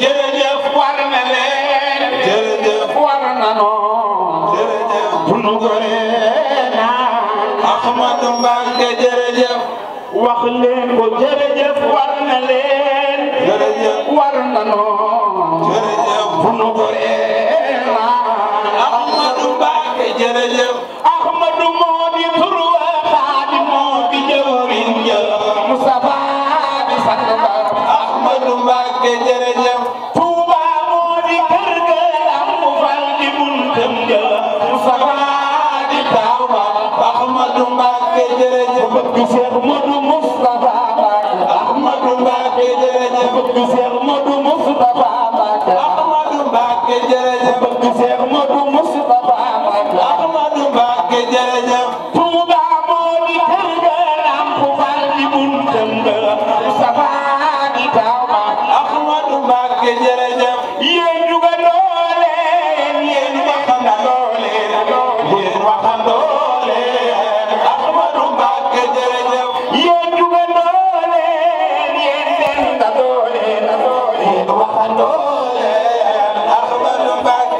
jërëjëf war na leen jërëjëf war na noo jërëjëf bunu gore naa Ahmadou Mbacké jërëjëf wax leen ko jërëjëf war na leen jërëjëf war na noo jërëjëf bunu gore jërëjëf Tuuba moo di kër ga lamp fal di buntam